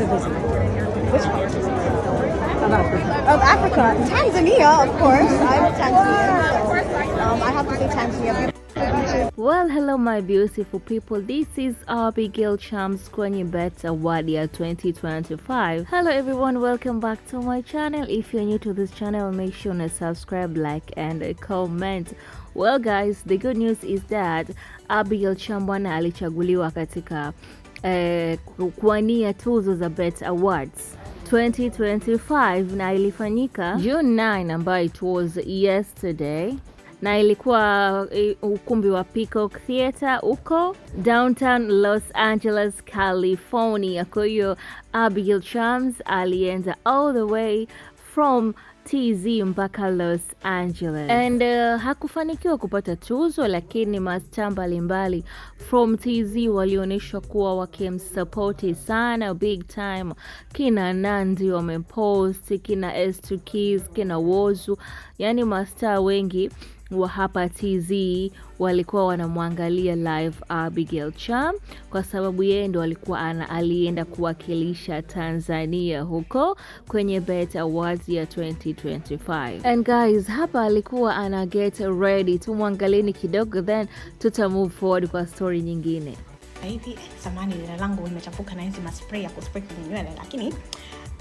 to visit? Which part? Of Africa. Of Africa. Tanzania, of course. I'm Tanzania. So, um, I have to say Tanzania. Well, hello, my beautiful people. This is Abigail Champs Bet Award Year 2025. Hello, everyone. Welcome back to my channel. If you're new to this channel, make sure to subscribe, like, and comment. Well, guys, the good news is that Abigail Chambwana alichaguliwa katika eh, kuwania tuzo za BET Awards 2025 na ilifanyika June 9 ambayo it was yesterday na ilikuwa ukumbi wa Peacock Theatre huko downtown Los Angeles, California. Kwa hiyo Abigail Chams alienda all the way from TZ mpaka Los Angeles and uh, hakufanikiwa kupata tuzo, lakini masta mbalimbali from TZ walionyeshwa kuwa wakimsapoti sana big time. Kina Nandi wamepost, kina S2 kina Wozu, yani masta wengi wa hapa TZ walikuwa wanamwangalia live Abigail Cham kwa sababu yeye ndo alikuwa ana alienda kuwakilisha Tanzania huko kwenye BET Awards ya 2025. And guys, hapa alikuwa ana get ready, tumwangaleni kidogo then tuta move forward kwa story nyingine. Hivi samani jina langu limechafuka na hizi maspray ya kuspray kwenye nywele lakini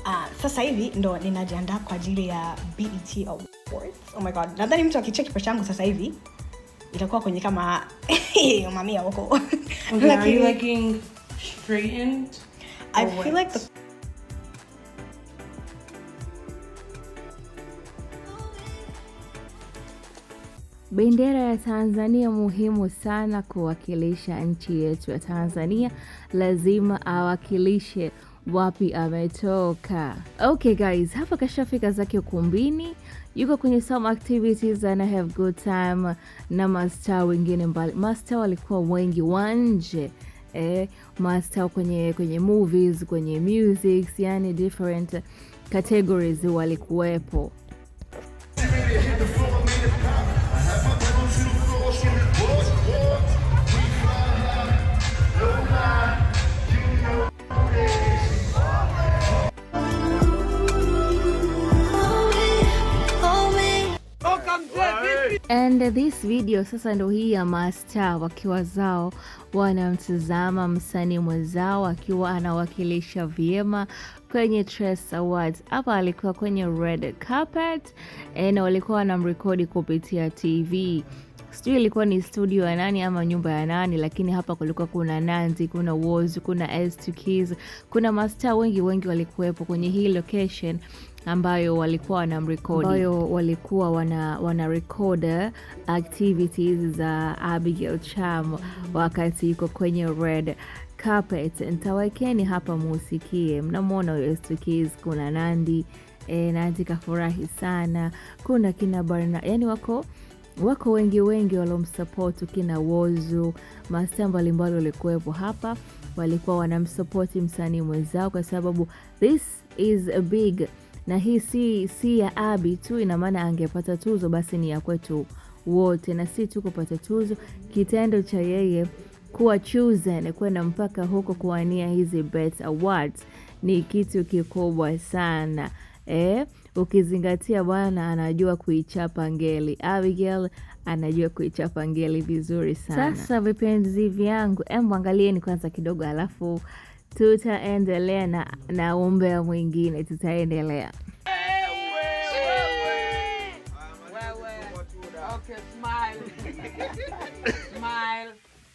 uh, sasa hivi ndo ninajiandaa kwa ajili ya BET Awards. Oh my god, nadhani mtu akicheki pesha yangu sasa hivi itakuwa kwenye kama mamia huko. Bendera ya Tanzania muhimu sana kuwakilisha nchi yetu ya Tanzania, lazima awakilishe wapi ametoka. Okay guys, hapa kashafika zake ukumbini, yuko kwenye some activities and I have good time na masta wengine mbali. masta walikuwa wengi wanje eh, masta kwenye, kwenye movies, kwenye music, yani different categories walikuwepo. And this video sasa ndo hii ya masta wakiwa zao wanamtizama msanii mwenzao akiwa anawakilisha vyema kwenye Trace Awards. Hapa alikuwa kwenye red carpet e, na walikuwa wanamrekodi kupitia TV. Sijui ilikuwa ni studio ya nani ama nyumba ya nani, lakini hapa kulikuwa kuna Nandy, kuna Woz, kuna S2 Keys, kuna masta wengi wengi walikuwepo kwenye hii location ambayo walikuwa wana mrekodi ambayo walikuwa wana, wana record eh, activities za Abigail Cham wakati iko kwenye red carpet ntawekeni hapa muusikie. Mnamwona huyo Strikiz, kuna Nandi e, Nandi kafurahi sana, kuna kina Barna, yani wako wako wengi wengi waliomsapoti, kina Wozu, masta mbalimbali walikuwepo hapa, walikuwa wanamsapoti msanii mwenzao kwa sababu this is a big na hii si, si ya Abi tu, ina maana angepata tuzo basi ni ya kwetu wote, na si tu kupata tuzo, kitendo cha yeye kuwa chosen kwenda mpaka huko kuwania hizi BET Awards ni kitu kikubwa sana eh? Ukizingatia bwana anajua kuichapa ngeli, Abigail anajua kuichapa ngeli vizuri sana. Sasa vipenzi vyangu, em, angalieni kwanza kidogo, alafu tutaendelea na, na umbea mwingine tutaendelea.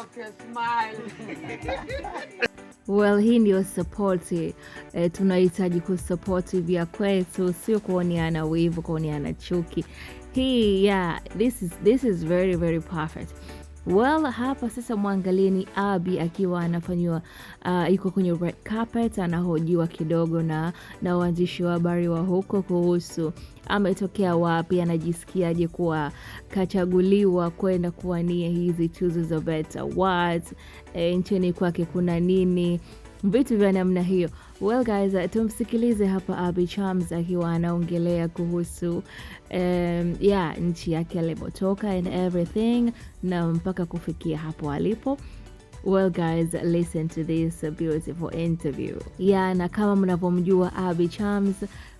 Okay, smile. Well, hii ndio sapoti eh, tunahitaji kusapoti vya kwetu, sio kuoneana wivu, kuoneana chuki. Hii yeah, this is, this is very very perfect. Well, hapa sasa mwangalieni Abi akiwa anafanyiwa uh, kwenye red carpet anahojiwa kidogo na na waandishi wa habari wa huko kuhusu ametokea wapi, anajisikiaje kuwa kachaguliwa kwenda kuwania hizi tuzo za BET Awards, e, nchini kwake kuna nini vitu vya namna hiyo. Well guys, uh, tumsikilize hapa Abby Charms akiwa anaongelea kuhusu um, yeah, nchi yake alipotoka and everything na mpaka kufikia hapo alipo. Well guys, listen to this beautiful interview. Yeah, na kama mnavyomjua Abby Charms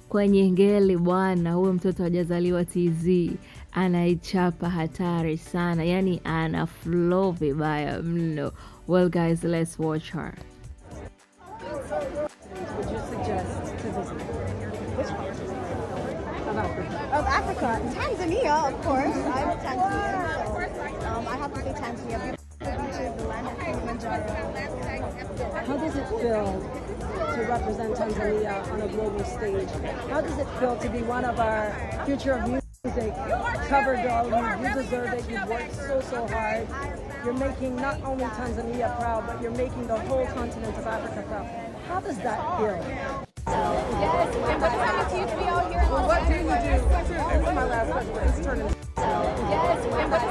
kwenye ngeli bwana, huyo mtoto hajazaliwa TZ, anaichapa hatari sana, yani ana flow vibaya mno. Well guys, let's watch her. Africa. Tanzania, of course. I'm Tanzania, so um, I have to say Tanzania. How does it feel to represent Tanzania on a global stage? How does it feel to be one of our future of music cover girls? You, you deserve it. You've worked so, so hard. You're making not only Tanzania proud, but you're making the whole continent of Africa proud. How does that feel? Yes, and what time do you be out here? Well, what do you do? This is my last question. turning. Yes, and what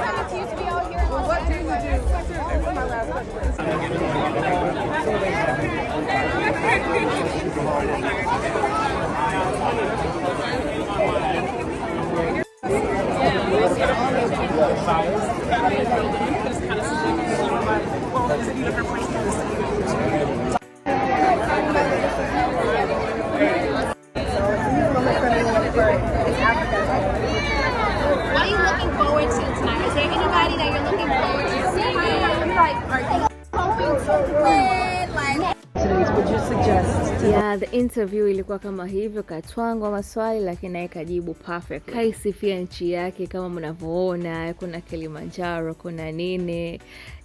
be out here? Well, what do you do? This is my last question. Yeah, the interview ilikuwa kama hivyo, katwangwa maswali lakini naye kajibu perfect. Kaisifia nchi yake kama mnavyoona, kuna Kilimanjaro, kuna nini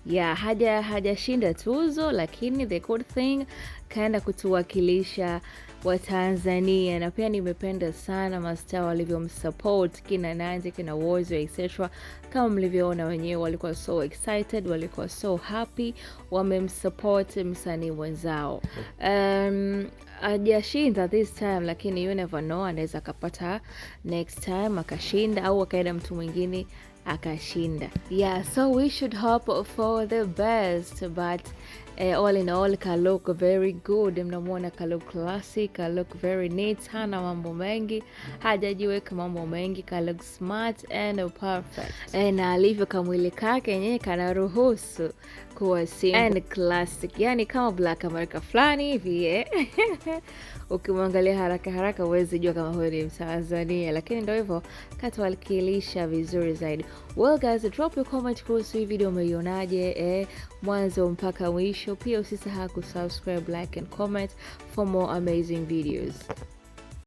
ya yeah, haja hajashinda tuzo lakini the good thing kaenda kutuwakilisha Watanzania, na pia nimependa sana mastaa walivyomsupport kina Nandy, kina Whozu etc. Kama mlivyoona wenyewe, walikuwa so excited, walikuwa so happy, wamemsupport msanii mwenzao. Um, ajashinda this time, lakini you never know, anaweza akapata next time akashinda, au akaenda mtu mwingine akashinda. Yeah, so we should hope for the best but Eh, all in all ka look very good, mnamwona ka look classy, ka look very neat, hana mambo mengi, hajajiweka mambo mengi, ka look smart and perfect. Eh, na alivyo kamwili kake yenyewe kanaruhusu kuwa simple and classic, yani kama Black America fulani hivi eh. Ukimwangalia haraka haraka huwezi jua kama huyo ni Mtanzania, lakini ndio hivyo, katwalikilisha vizuri zaidi. Well guys, drop your comment kuhusu hii video umeionaje, eh, mwanzo mpaka mwisho Mwisho pia usisahau kusubscribe, like and comment for more amazing videos.